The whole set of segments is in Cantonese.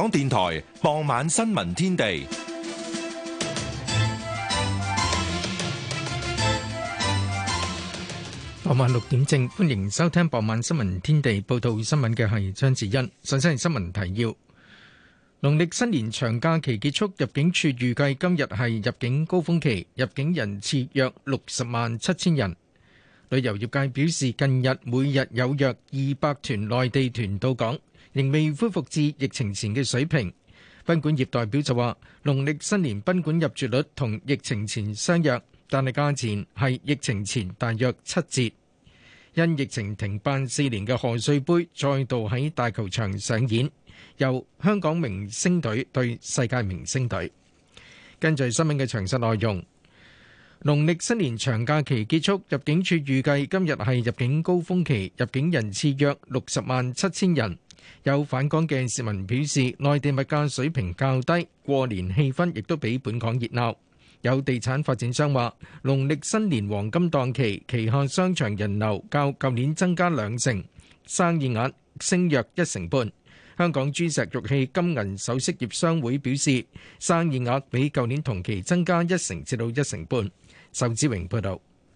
港電台傍晚新聞天地。傍晚六點正，歡迎收聽傍晚新聞天地。報道新聞嘅係張智欣。最新新聞提要：農曆新年長假期結束，入境處預計今日係入境高峰期，入境人次約六十萬七千人。旅遊業界表示，近日每日有約二百團內地團到港。仍未恢復至疫情前嘅水平。賓館業代表就話，農曆新年賓館入住率同疫情前相約，但係價錢係疫情前大約七折。因疫情停辦四年嘅賀歲杯再度喺大球場上演，由香港明星隊對世界明星隊。跟住新聞嘅詳細內容。農曆新年長假期結束，入境處預計今日係入境高峰期，入境人次約六十萬七千人。有返港嘅市民表示，內地物價水平較低，過年氣氛亦都比本港熱鬧。有地產發展商話，農曆新年黃金檔期，旗下商場人流較舊年增加兩成，生意額升約一成半。香港珠石玉器金銀首飾業商會表示，生意額比舊年同期增加一成至到一成半。仇志榮報導。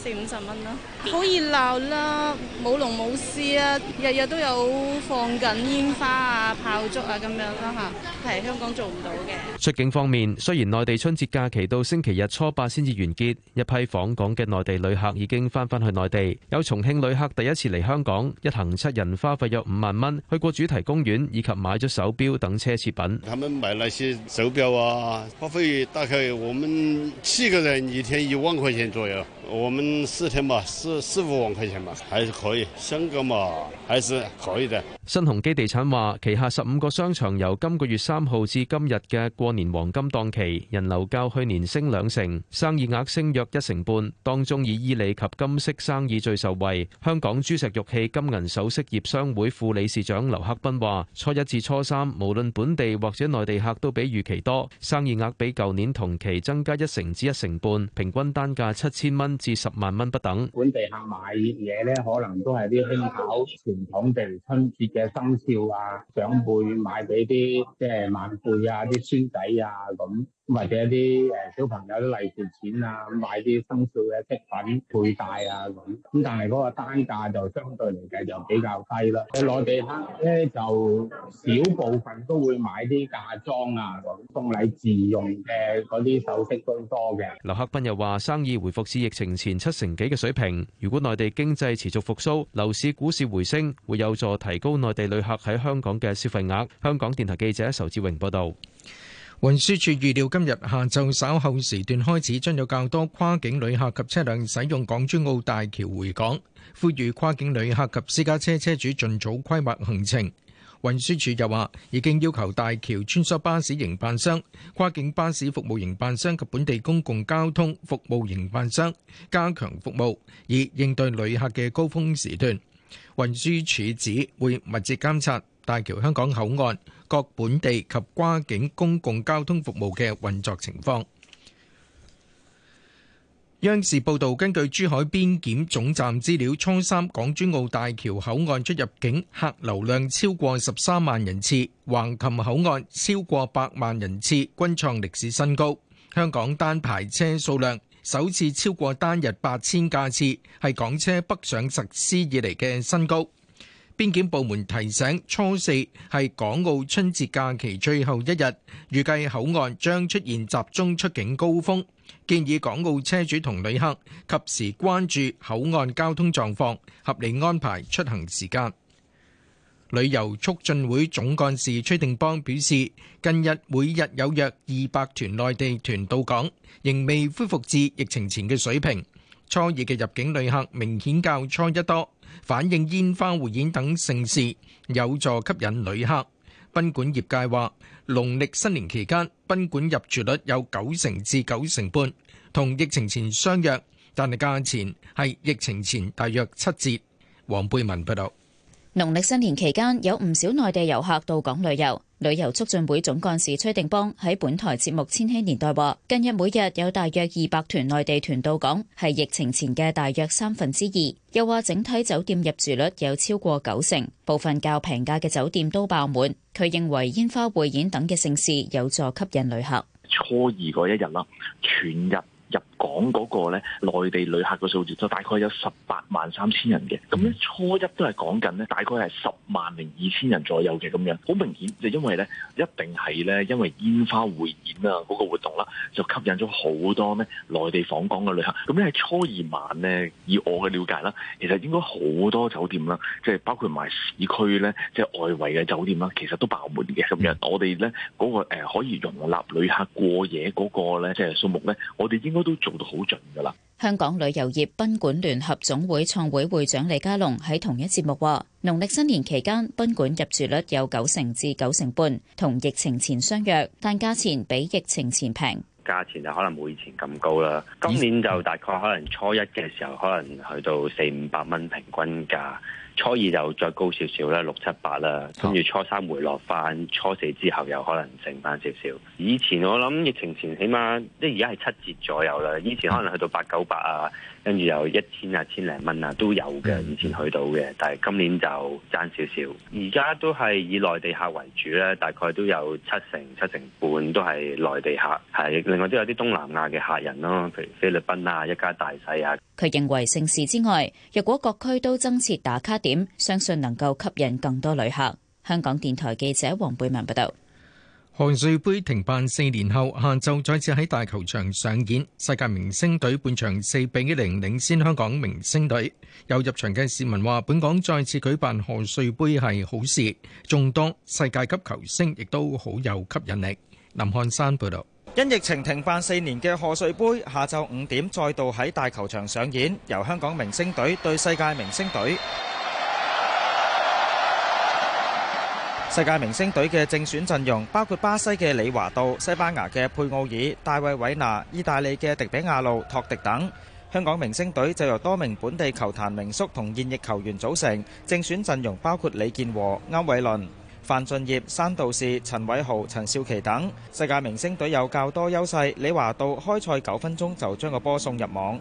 四五十蚊啦，好熱鬧啦，冇龍冇獅啊，日日都有放緊煙花等等啊、炮竹啊咁樣啦嚇，係香港做唔到嘅。出境方面，雖然內地春節假期到星期日初八先至完結，一批訪港嘅內地旅客已經翻返去內地。有重慶旅客第一次嚟香港，一行七人，花費約五萬蚊，去過主題公園以及買咗手錶等奢侈品。佢哋買那些手錶啊，花費大概我們七個人一天一萬塊錢左右。我們四天嘛，四四五萬塊錢嘛，還是可以，香港嘛，還是可以的。新鴻基地產話，旗下十五個商場由今個月三號至今日嘅過年黃金檔期，人流較去年升兩成，生意額升約一成半，當中以伊利及金飾生意最受惠。香港珠石玉器、金銀首飾業商會副理事長劉克斌話：初一至初三，無論本地或者內地客都比預期多，生意額比舊年同期增加一成至一成半，平均單價七千蚊至十萬蚊不等。本地客買嘢咧，可能都係啲輕巧傳統，譬如春節嘅生肖啊，長輩買俾啲即係晚輩啊，啲孫仔啊咁，或者啲誒小朋友啲利是錢啊，買啲生肖嘅飾品佩戴啊咁。咁但係嗰個單價就相對嚟計就比較低啦。喺內地客咧就少部分都會買啲嫁妝啊，送禮自用嘅嗰啲首飾居多嘅。劉克斌又話生意回復至疫情前七成幾嘅水平，如果內地經濟持續復甦，樓市股市回升，會有助提高內地旅客喺香港嘅消費額。香港電台記者仇志榮報導。運輸署預料今日下晝稍後時段開始，將有較多跨境旅客及車輛使用港珠澳大橋回港，呼籲跨境旅客及私家車車主盡早規劃行程。運輸署又話，已經要求大橋穿梭巴士營辦商、跨境巴士服務營辦商及本地公共交通服務營辦商加強服務，以應對旅客嘅高峰時段。運輸署指會密切監察大橋香港口岸各本地及跨境公共交通服務嘅運作情況。央視報道，根據珠海邊檢總站資料，初三港珠澳大橋口岸出入境客流量超過十三萬人次，橫琴口岸超過百萬人次，均創歷史新高。香港單排車數量首次超過單日八千架次，係港車北上實施以嚟嘅新高。邊檢部門提醒，初四係港澳春節假期最後一日，預計口岸將出現集中出境高峰。建議港澳車主同旅客及時關注口岸交通狀況，合理安排出行時間。旅遊促進會總幹事崔定邦表示，近日每日有約二百團內地團到港，仍未恢復至疫情前嘅水平。初二嘅入境旅客明顯較初一多，反映煙花匯演等盛事有助吸引旅客。賓館業界話，農曆新年期間賓館入住率有九成至九成半，同疫情前相若，但係價錢係疫情前大約七折。黃貝文報道，農曆新年期間有唔少內地遊客到港旅遊。旅遊促進會總幹事崔定邦喺本台節目《千禧年代》話：近日每日有大約二百團內地團到港，係疫情前嘅大約三分之二。又話整體酒店入住率有超過九成，部分較平價嘅酒店都爆滿。佢認為煙花匯演等嘅盛事有助吸引旅客。初二嗰一日啦，全日，入港嗰個咧，內地旅客嘅數字就大概有十八萬三千人嘅。咁咧初一都係講緊咧，大概係十萬零二千人左右嘅咁樣。好明顯就因為咧，一定係咧，因為煙花匯演啊嗰個活動啦，就吸引咗好多咧內地訪港嘅旅客。咁咧喺初二晚咧，以我嘅了解啦，其實應該好多酒店啦，即係包括埋市區咧，即係外圍嘅酒店啦，其實都爆滿嘅咁樣。我哋咧嗰個誒可以容納旅客過夜嗰個咧，即係數目咧，我哋應該。都做到好準㗎啦！香港旅遊業賓館聯合總會創會會長李家龍喺同一節目話，農曆新年期間賓館入住率有九成至九成半，同疫情前相若，但價錢比疫情前平。價錢就可能冇以前咁高啦。今年就大概可能初一嘅時候，可能去到四五百蚊平均價。初二就再高少少啦，六七百啦，跟住初三回落翻，初四之後又可能剩翻少少。以前我諗疫情前起碼，起碼即係而家係七折左右啦，以前可能去到八九百啊。跟住有一千啊，千零蚊啊，都有嘅。以前去到嘅，但係今年就爭少少。而家都係以內地客為主咧，大概都有七成七成半都係內地客，係另外都有啲東南亞嘅客人咯，譬如菲律賓啊，一家大細啊。佢認為盛事之外，若果各區都增設打卡點，相信能夠吸引更多旅客。香港電台記者黃貝文報道。賀歲杯停辦四年後，下晝再次喺大球場上演，世界明星隊半場四比零領先香港明星隊。有入場嘅市民話，本港再次舉辦賀歲杯係好事，眾多世界級球星亦都好有吸引力。林漢山報道。因疫情停辦四年嘅賀歲杯，下晝五點再度喺大球場上演，由香港明星隊對世界明星隊。世界明星隊嘅正選陣容包括巴西嘅李華道、西班牙嘅佩奧爾、大衛韋拿、意大利嘅迪比亞路、托迪等。香港明星隊就由多名本地球壇名宿同現役球員組成，正選陣容包括李健和、歐偉倫、范俊業、山道士、陳偉豪、陳少琪等。世界明星隊有較多優勢，李華道開賽九分鐘就將個波送入網。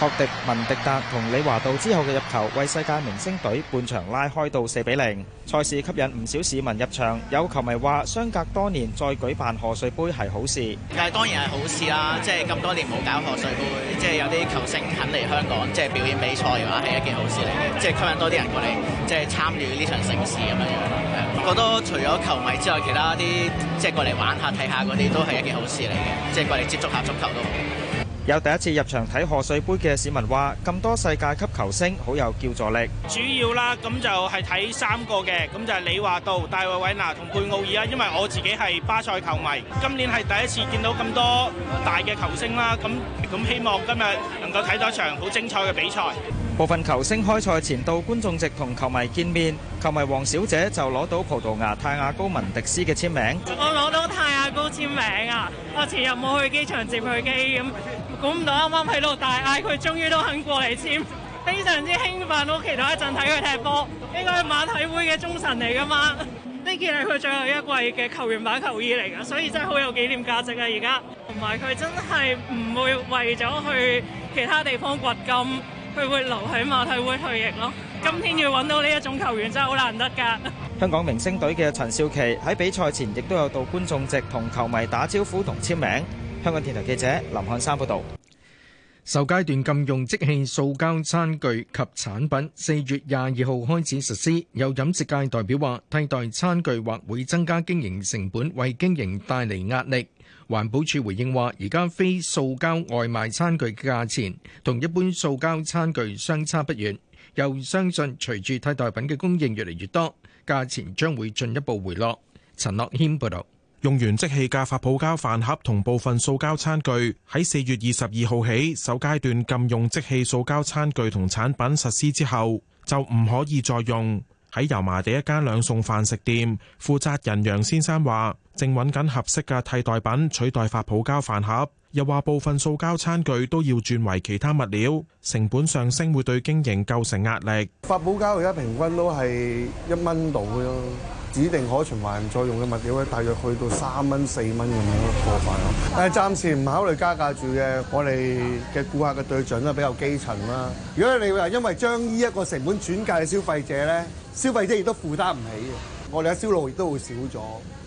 托迪、文迪達同李華道之後嘅入球，為世界明星隊半場拉開到四比零。賽事吸引唔少市民入場，有球迷話：相隔多年再舉辦賀歲杯係好事。但係當然係好事啦，即係咁多年冇搞賀歲杯，即係有啲球星肯嚟香港，即係表演比賽嘅話係一件好事嚟嘅，即係吸引多啲人過嚟，即係參與呢場盛事咁樣樣。我覺得除咗球迷之外，其他啲即係過嚟玩下睇下嗰啲都係一件好事嚟嘅，即係過嚟接觸下足球都好。有第一次入場睇賀歲杯嘅市民話，咁多世界級球星好有叫助力。主要啦，咁就係睇三個嘅，咁就係你話到戴維維娜同貝奧爾啊。因為我自己係巴塞球迷，今年係第一次見到咁多大嘅球星啦。咁咁希望今日能夠睇到一場好精彩嘅比賽。部分球星開賽前到觀眾席同球迷見面，球迷王小姐就攞到葡萄牙泰亞高文迪斯嘅簽名。我攞到泰亞高簽名啊！我前日冇去機場接佢機咁。估唔到啱啱喺度大嗌，佢終於都肯過嚟簽，非常之興奮到期待一陣睇佢踢波。應該係馬體會嘅忠臣嚟噶嘛？呢件係佢最後一季嘅球員版球衣嚟噶，所以真係好有紀念價值啊！而家同埋佢真係唔會為咗去其他地方掘金，佢會留喺馬體會退役咯。今天要揾到呢一種球員真係好難得噶。香港明星隊嘅陳少琪喺比賽前亦都有到觀眾席同球迷打招呼同簽名。香港電台記者林漢山報道。首階段禁用即棄塑膠餐具及產品，四月廿二號開始實施。有飲食界代表話，替代餐具或會增加經營成本，為經營帶嚟壓力。環保署回應話，而家非塑膠外賣餐具嘅價錢同一般塑膠餐具相差不遠，又相信隨住替代品嘅供應越嚟越多，價錢將會進一步回落。陳樂謙報道。用完即棄嘅發泡膠飯盒同部分塑膠餐具，喺四月二十二號起首階段禁用即棄塑膠餐具同產品實施之後，就唔可以再用。喺油麻地一間兩餸飯食店，負責人楊先生話，正揾緊合適嘅替代品取代發泡膠飯盒，又話部分塑膠餐具都要轉為其他物料，成本上升會對經營構成壓力。發泡膠而家平均都係一蚊度咯，指定可循環再用嘅物料咧，大約去到三蚊四蚊咁樣過快咯。但係暫時唔考慮加價住嘅，我哋嘅顧客嘅對準都比較基層啦。如果你話因為將呢一個成本轉嫁嘅消費者咧，消費者亦都負擔唔起嘅，我哋嘅銷路亦都會少咗。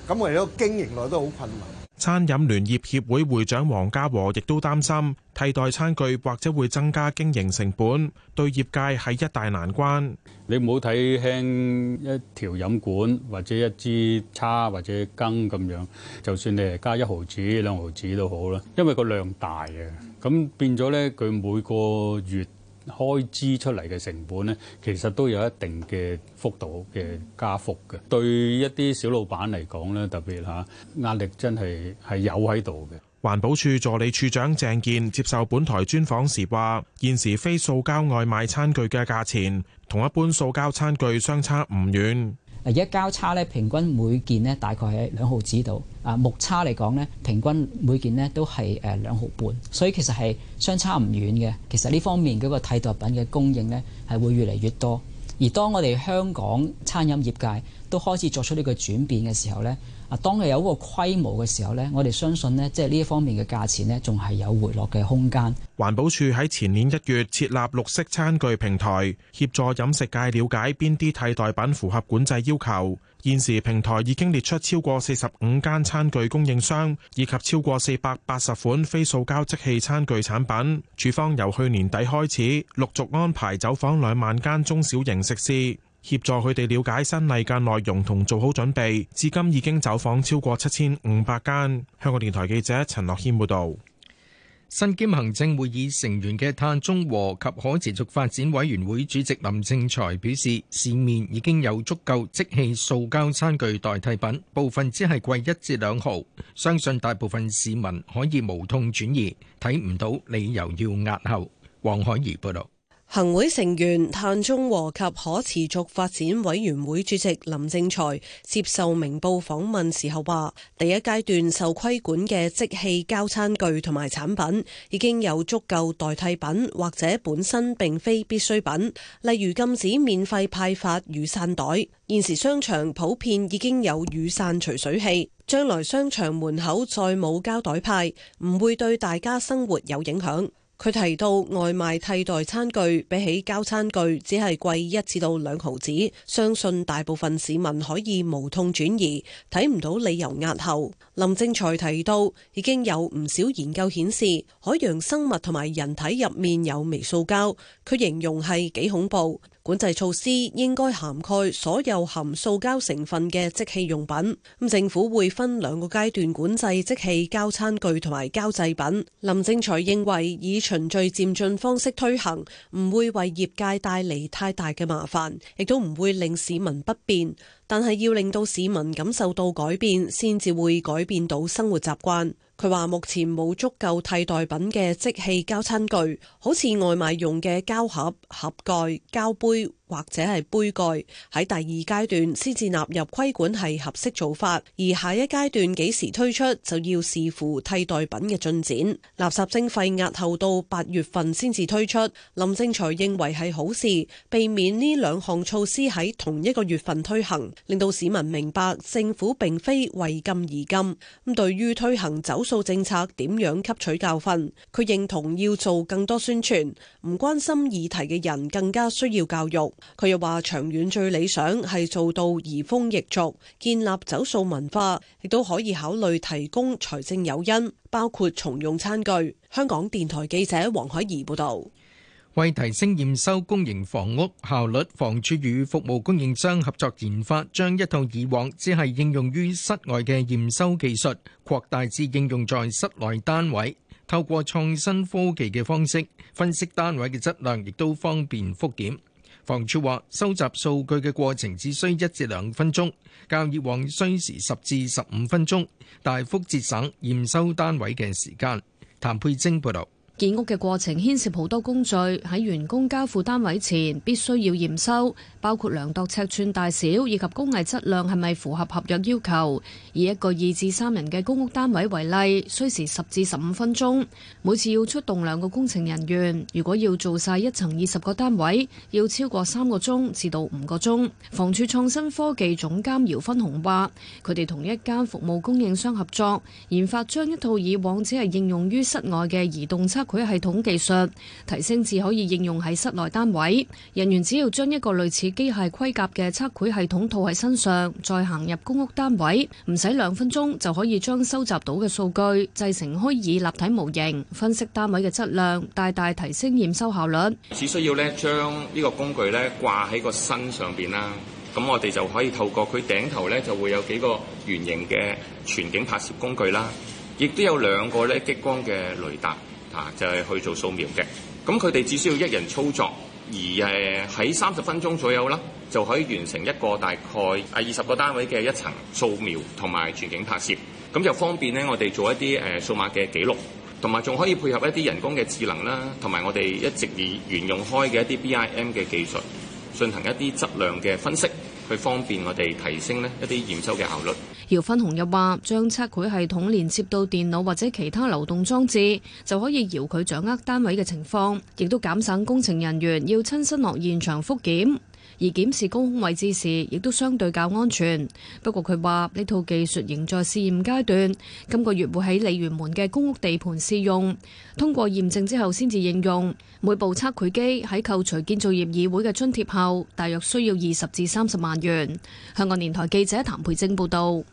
咁為咗經營，嚟都好困難。餐飲聯業協會會長黃家和亦都擔心，替代餐具或者會增加經營成本，對業界係一大難關。你唔好睇輕一條飲管或者一支叉或者羹咁樣，就算你係加一毫子兩毫子都好啦，因為個量大啊，咁變咗呢，佢每個月開支出嚟嘅成本呢，其實都有一定嘅幅度嘅加幅嘅，對一啲小老闆嚟講呢特別嚇壓力真係係有喺度嘅。環保署助理處長鄭健接受本台專訪時話：現時非塑膠外賣餐具嘅價錢同一般塑膠餐具相差唔遠。而家交叉咧，平均每件咧大概係兩毫紙度。啊，木叉嚟講咧，平均每件咧都係誒兩毫半，所以其實，係相差唔遠嘅。其實呢方面嘅一個替代品嘅供應咧，係會越嚟越多。而當我哋香港餐飲業界都開始作出呢個轉變嘅時候咧。啊！當係有一個規模嘅時候呢，我哋相信呢，即係呢一方面嘅價錢呢，仲係有回落嘅空間。環保署喺前年一月設立綠色餐具平台，協助飲食界了解邊啲替代品符合管制要求。現時平台已經列出超過四十五間餐具供應商，以及超過四百八十款非塑膠即棄餐具產品。署方由去年底開始，陸續安排走訪兩萬間中小型食肆。協助佢哋了解新例嘅內容同做好準備，至今已經走訪超過七千五百間。香港電台記者陳樂軒報導。身兼行政會議成員嘅碳中和及可持續發展委員會主席林正財表示，市面已經有足夠即棄塑膠餐具代替品，部分只係貴一至兩毫，相信大部分市民可以無痛轉移，睇唔到理由要押後。黃海怡報導。行會成員碳中和及可持續發展委員會主席林正財接受明報訪問時候話，第一階段受規管嘅即棄膠餐具同埋產品已經有足夠代替品或者本身並非必需品，例如禁止免費派發雨傘袋。現時商場普遍已經有雨傘除水器，將來商場門口再冇膠袋派，唔會對大家生活有影響。佢提到外賣替代餐具比起膠餐具只係貴一至到兩毫子，相信大部分市民可以無痛轉移，睇唔到理由押後。林正財提到已經有唔少研究顯示海洋生物同埋人體入面有微塑膠，佢形容係幾恐怖。管制措施應該涵蓋所有含塑膠成分嘅即棄用品。政府會分兩個階段管制即棄膠餐具同埋膠製品。林正財認為以循序漸進方式推行，唔會為業界帶嚟太大嘅麻煩，亦都唔會令市民不便。但係要令到市民感受到改變，先至會改變到生活習慣。佢話目前冇足夠替代品嘅即棄膠餐具，好似外賣用嘅膠盒、盒蓋、膠杯。或者係杯蓋喺第二階段先至納入規管係合適做法，而下一階段幾時推出就要視乎替代品嘅進展。垃圾徵費押後到八月份先至推出。林正財認為係好事，避免呢兩項措施喺同一個月份推行，令到市民明白政府並非為禁而禁。咁對於推行走塑政策點樣吸取教訓，佢認同要做更多宣傳，唔關心議題嘅人更加需要教育。佢又話，長遠最理想係做到移風易俗，建立走塑文化，亦都可以考慮提供財政誘因，包括重用餐具。香港電台記者黃海怡報道。為提升驗收公營房屋效率，房署與服務供應商合作研發，將一套以往只係應用於室外嘅驗收技術，擴大至應用在室內單位。透過創新科技嘅方式，分析單位嘅質量，亦都方便複檢。房署話：收集數據嘅過程只需一至兩分鐘，較以往需時十至十五分鐘，大幅節省驗收單位嘅時間。譚佩晶報道。建屋嘅過程牽涉好多工序，喺員工交付單位前必須要驗收，包括量度尺寸大小以及工藝質量係咪符合合約要求。以一個二至三人嘅公屋單位為例，需時十至十五分鐘，每次要出動兩個工程人員。如果要做晒一層二十個單位，要超過三個鐘至到五個鐘。房署創新科技總監姚芬紅話，佢哋同一間服務供應商合作研發，將一套以往只係應用於室外嘅移動測測繪系統技術提升至可以應用喺室內單位，人員只要將一個類似機械盔甲嘅測繪系統套喺身上，再行入公屋單位，唔使兩分鐘就可以將收集到嘅數據製成虛擬立體模型，分析單位嘅質量，大大提升驗收效率。只需要咧將呢個工具咧掛喺個身上邊啦，咁我哋就可以透過佢頂頭咧就會有幾個圓形嘅全景拍攝工具啦，亦都有兩個咧激光嘅雷達。啊，就係去做掃描嘅，咁佢哋只需要一人操作，而誒喺三十分鐘左右啦，就可以完成一個大概啊二十個單位嘅一層掃描同埋全景拍攝，咁就方便咧，我哋做一啲誒數碼嘅記錄，同埋仲可以配合一啲人工嘅智能啦，同埋我哋一直以沿用開嘅一啲 BIM 嘅技術，進行一啲質量嘅分析。去方便我哋提升呢一啲驗收嘅效率。姚紛紅又話將測繪系統連接到電腦或者其他流動裝置，就可以遙距掌握單位嘅情況，亦都減省工程人員要親身落現場複檢。而檢視高空位置時，亦都相對較安全。不過佢話呢套技術仍在試驗階段，今個月會喺鯉魚門嘅公屋地盤試用，通過驗證之後先至應用。每部測繪機喺扣除建造業議會嘅津貼後，大約需要二十至三十萬元。香港電台記者譚培正報導。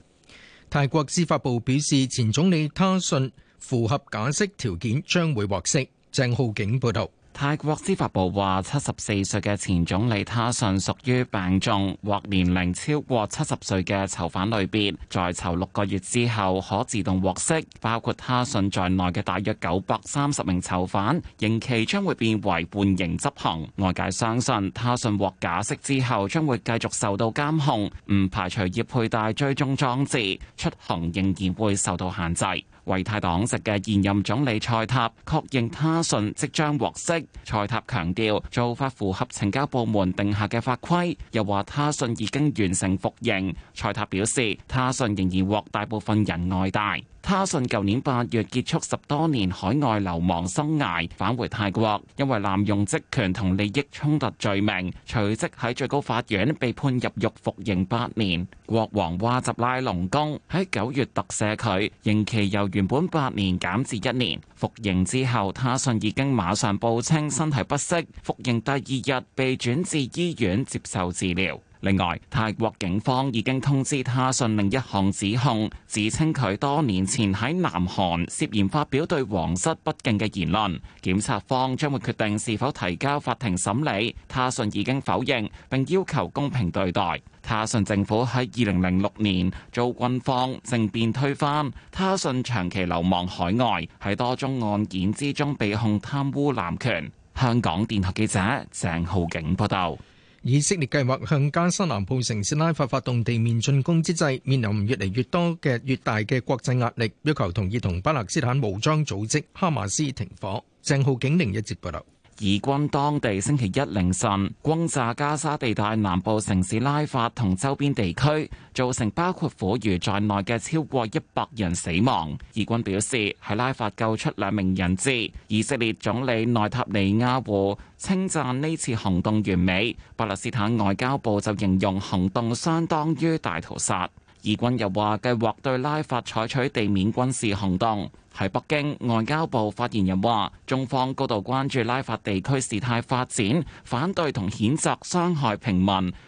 泰國司法部表示，前總理他信符合假釋條件將獲釋，將會獲釋。鄭浩景報導。泰國司法部話，七十四歲嘅前總理他信屬於病重或年齡超過七十歲嘅囚犯類別，在囚六個月之後可自動獲釋，包括他信在內嘅大約九百三十名囚犯，刑期將會變為緩刑執行。外界相信，他信獲假釋之後將會繼續受到監控，唔排除要佩戴追蹤裝置，出行仍然會受到限制。為泰黨籍嘅現任總理蔡塔確認他信即將獲釋。蔡塔強調做法符合懲教部門定下嘅法規，又話他信已經完成服刑。蔡塔表示，他信仍然獲大部分人愛戴。他信舊年八月結束十多年海外流亡生涯，返回泰國，因為濫用職權同利益衝突罪名，隨即喺最高法院被判入獄服刑八年。國王哇集拉隆功喺九月特赦佢，刑期由原本八年減至一年。服刑之後，他信已經馬上報稱身體不適，服刑第二日被轉至醫院接受治療。另外，泰國警方已經通知他信另一項指控，指稱佢多年前喺南韓涉嫌發表對皇室不敬嘅言論，檢察方將會決定是否提交法庭審理。他信已經否認並要求公平對待。他信政府喺二零零六年遭軍方政變推翻，他信長期流亡海外，喺多宗案件之中被控貪污濫權，香港電台記者鄭浩景報道。以色列計劃向加沙南部城市拉法發動地面進攻之際，面臨越嚟越多嘅越大嘅國際壓力，要求同意同巴勒斯坦武裝組織哈馬斯停火。鄭浩景另一節報道。以軍當地星期一凌晨轟炸加沙地帶南部城市拉法同周邊地區，造成包括婦孺在內嘅超過一百人死亡。以軍表示喺拉法救出兩名人質。以色列總理內塔尼亞胡稱讚呢次行動完美。巴勒斯坦外交部就形容行動相當於大屠殺。以軍又話計劃對拉法採取地面軍事行動。喺北京，外交部發言人話：中方高度關注拉法地區事態發展，反對同譴責傷害平民、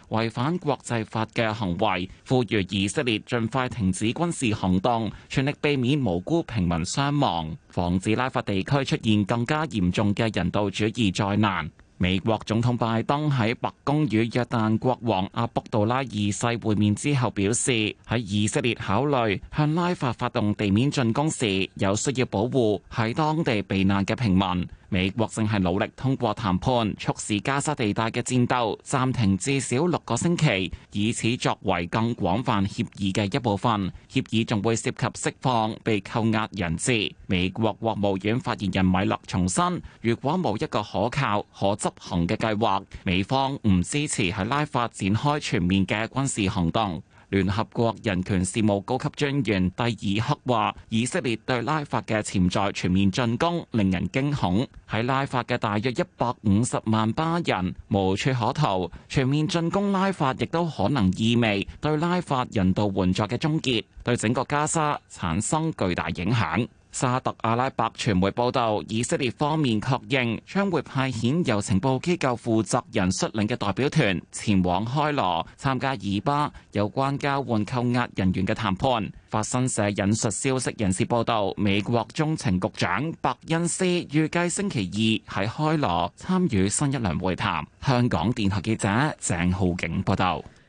違反國際法嘅行為，呼籲以色列盡快停止軍事行動，全力避免無辜平民傷亡，防止拉法地區出現更加嚴重嘅人道主義災難。美國總統拜登喺白宮與約旦國王阿卜杜拉二世會面之後表示，喺以色列考慮向拉法發動地面進攻時，有需要保護喺當地避難嘅平民。美國正係努力通過談判，促使加沙地帶嘅戰鬥暫停至少六個星期，以此作為更廣泛協議嘅一部分。協議仲會涉及釋放被扣押人質。美國國務院發言人米勒重申，如果冇一個可靠、可執行嘅計劃，美方唔支持喺拉法展開全面嘅軍事行動。聯合國人權事務高級專員蒂爾克話：以色列對拉法嘅潛在全面進攻令人驚恐，喺拉法嘅大約一百五十萬巴人無處可逃。全面進攻拉法亦都可能意味對拉法人道援助嘅終結，對整個加沙產生巨大影響。沙特阿拉伯傳媒報道，以色列方面確認將會派遣由情報機構負責人率領嘅代表團前往開羅參加以巴有關交換扣押人員嘅談判。法新社引述消息人士報道，美國中情局長伯恩斯預計星期二喺開羅參與新一輪會談。香港電台記者鄭浩景報道。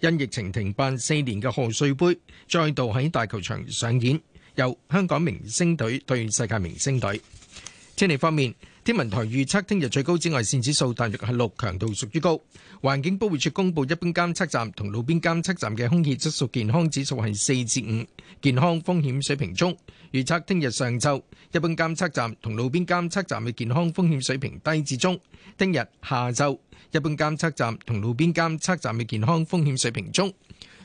因疫情停辦四年嘅賀歲杯，再度喺大球場上演，由香港明星隊對世界明星隊。天氣方面，天文台預測聽日最高紫外線指數大約係六，強度屬於高。環境保護署公布一般監測站同路邊監測站嘅空氣質素健康指數係四至五，健康風險水平中。預測聽日上晝一般監測站同路邊監測站嘅健康風險水平低至中。聽日下晝。一般監測站同路邊監測站嘅健康風險水平中。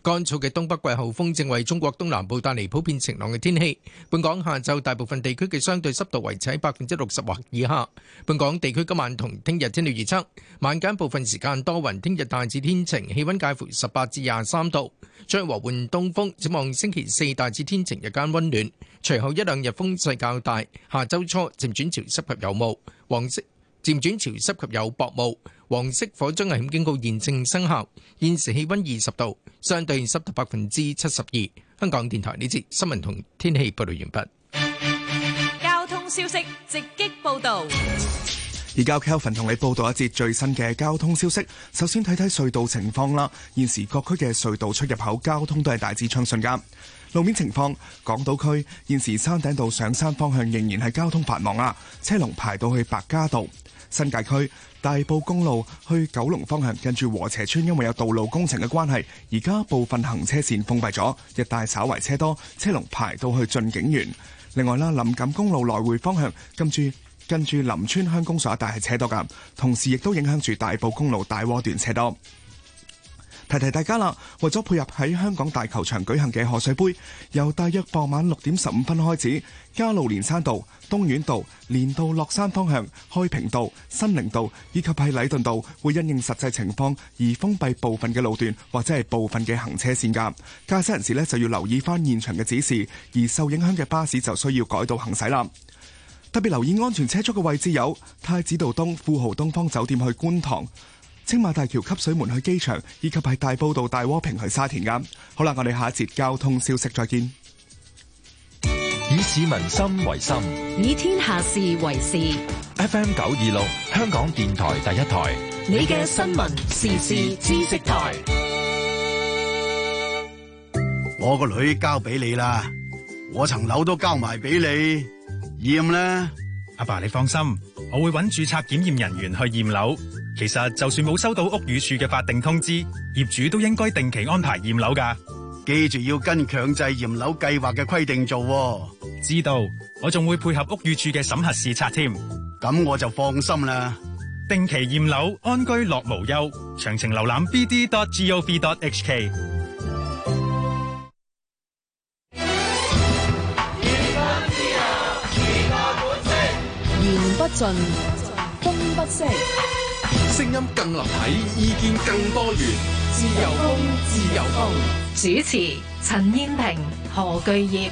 乾燥嘅東北季候風正為中國東南部帶嚟普遍晴朗嘅天氣，本港下晝大部分地區嘅相對濕度維持喺百分之六十或以下。本港地區今晚同聽日天氣預測，晚間部分時間多雲，聽日大致天晴，氣溫介乎十八至廿三度。將和緩東風。展望星期四大致天晴，日間溫暖。隨後一兩日風勢較大，下周初漸轉潮濕及有霧黃色漸轉潮濕及有薄霧。黃色火災危險警告現正生效，現時氣溫二十度，相對濕度百分之七十二。香港電台呢節新聞同天氣報道完畢。交通消息直擊報道，而家 Kelvin 同你報道一節最新嘅交通消息。首先睇睇隧道情況啦，現時各區嘅隧道出入口交通都係大致暢順噶。路面情況，港島區現時山頂道上山方向仍然係交通繁忙啊，車龍排到去白加道。新界區大埔公路去九龍方向近住禾輋邨因為有道路工程嘅關係，而家部分行車線封閉咗一帶，稍為車多，車龍排到去駿景園。另外林錦公路來回方向跟住林村鄉公所一帶係車多㗎，同時亦都影響住大埔公路大窩段車多跟着，提提大家啦，為咗配合喺香港大球場舉行嘅賀歲盃，由大約傍晚六點十五分開始，加路連山道、東院道、連道落山方向、開平道、新寧道以及喺禮頓道，會因應實際情況而封閉部分嘅路段或者係部分嘅行車線㗎。駕駛人士呢就要留意翻現場嘅指示，而受影響嘅巴士就需要改道行駛啦。特別留意安全車速嘅位置有太子道東富豪東方酒店去觀塘。青馬大橋吸水門去機場，以及係大埔道大窩坪去沙田啱。好啦，我哋下一節交通消息再見。以市民心為心，以天下事為事。FM 九二六，香港電台第一台，你嘅新聞時事知識台。我個女交俾你啦，我層樓都交埋俾你，厭啦。阿爸，爸，你放心，我會揾註冊檢驗人員去驗樓。其實就算冇收到屋宇署嘅法定通知，業主都應該定期安排驗樓噶。記住要跟強制驗樓計劃嘅規定做。哦，知道，我仲會配合屋宇署嘅審核視察添。咁我就放心啦。定期驗樓，安居樂無憂。詳情瀏覽 bd.gov.hk。進風不息，聲音更立體，意見更多元，自由風，自由風。主持：陳燕萍、何巨業。